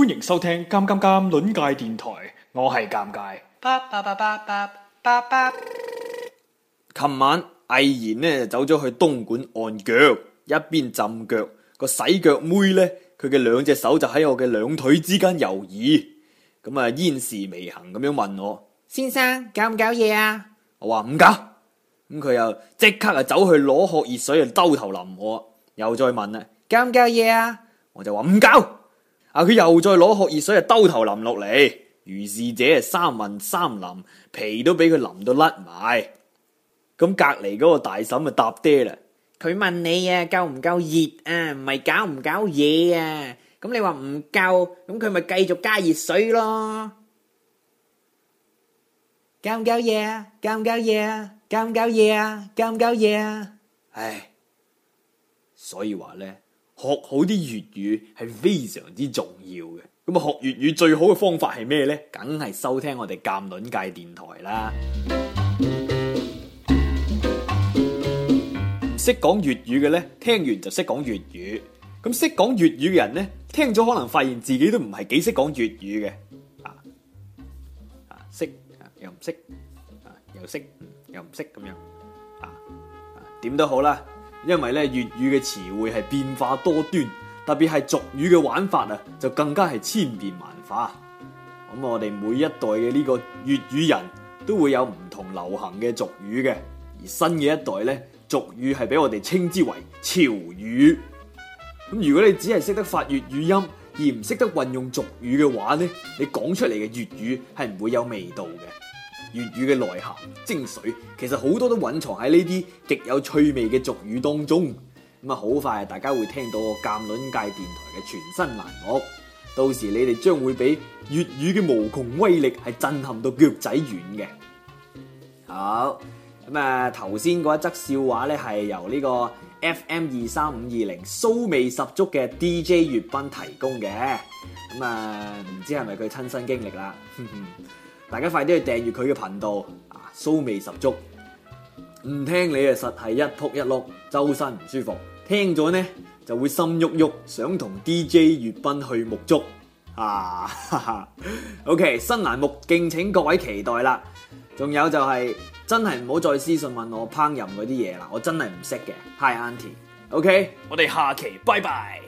歡迎收聽《尷尷尷》尷界電台，我係尷尬。琴晚，阿賢呢就走咗去東莞按腳，一邊浸腳，個洗腳妹呢，佢嘅兩隻手就喺我嘅兩腿之間游移，咁、嗯、啊，煙視微行咁樣問我：先生，搞唔搞嘢啊？我話唔搞，咁、嗯、佢又即刻啊走去攞鑊熱水啊，兜頭淋我，又再問啦：搞唔搞嘢啊？我就話唔搞。啊！佢又再攞殼熱水，啊兜頭淋落嚟，如是者三問三淋，皮都俾佢淋到甩埋。咁隔籬嗰個大嬸就搭爹啦，佢問你啊，夠唔夠熱啊？唔係搞唔搞嘢啊？咁你話唔夠，咁佢咪繼續加熱水咯。夠唔夠嘢？夠唔夠嘢？夠唔夠嘢？夠唔夠嘢？唉，所以話咧。學好啲粵語係非常之重要嘅，咁啊學粵語最好嘅方法係咩呢？梗係收聽我哋鑑論界電台啦。唔識講粵語嘅咧，聽完就識講粵語。咁識講粵語嘅人咧，聽咗可能發現自己都唔係幾識講粵語嘅。啊啊，識啊又唔識，啊又識、嗯、又唔識咁樣。啊啊，點、啊、都好啦。因為咧粵語嘅詞彙係變化多端，特別係俗語嘅玩法啊，就更加係千變萬化。咁我哋每一代嘅呢個粵語人都會有唔同流行嘅俗語嘅，而新嘅一代咧，俗語係俾我哋稱之為潮語。咁如果你只係識得發粵語音，而唔識得運用俗語嘅話咧，你講出嚟嘅粵語係唔會有味道嘅。粵語嘅內涵精髓，其實好多都隱藏喺呢啲極有趣味嘅俗語當中。咁啊，好快大家會聽到我鑒論界電台嘅全新欄目，到時你哋將會俾粵語嘅無窮威力係震撼到腳仔軟嘅。好，咁啊，頭先嗰一則笑話呢，係由呢個 FM 二三五二零騷味十足嘅 DJ 粵斌提供嘅。咁啊，唔知係咪佢親身經歷啦？ 大家快啲去訂閱佢嘅頻道，啊，騷味十足。唔聽你啊，實係一撲一碌，周身唔舒服。聽咗呢，就會心喐喐，想同 DJ 閱賓去沐足。啊，哈哈。OK，新欄目敬請各位期待啦。仲有就係、是、真係唔好再私信問我烹飪嗰啲嘢啦，我真係唔識嘅。Hi Auntie，OK，我哋下期拜拜。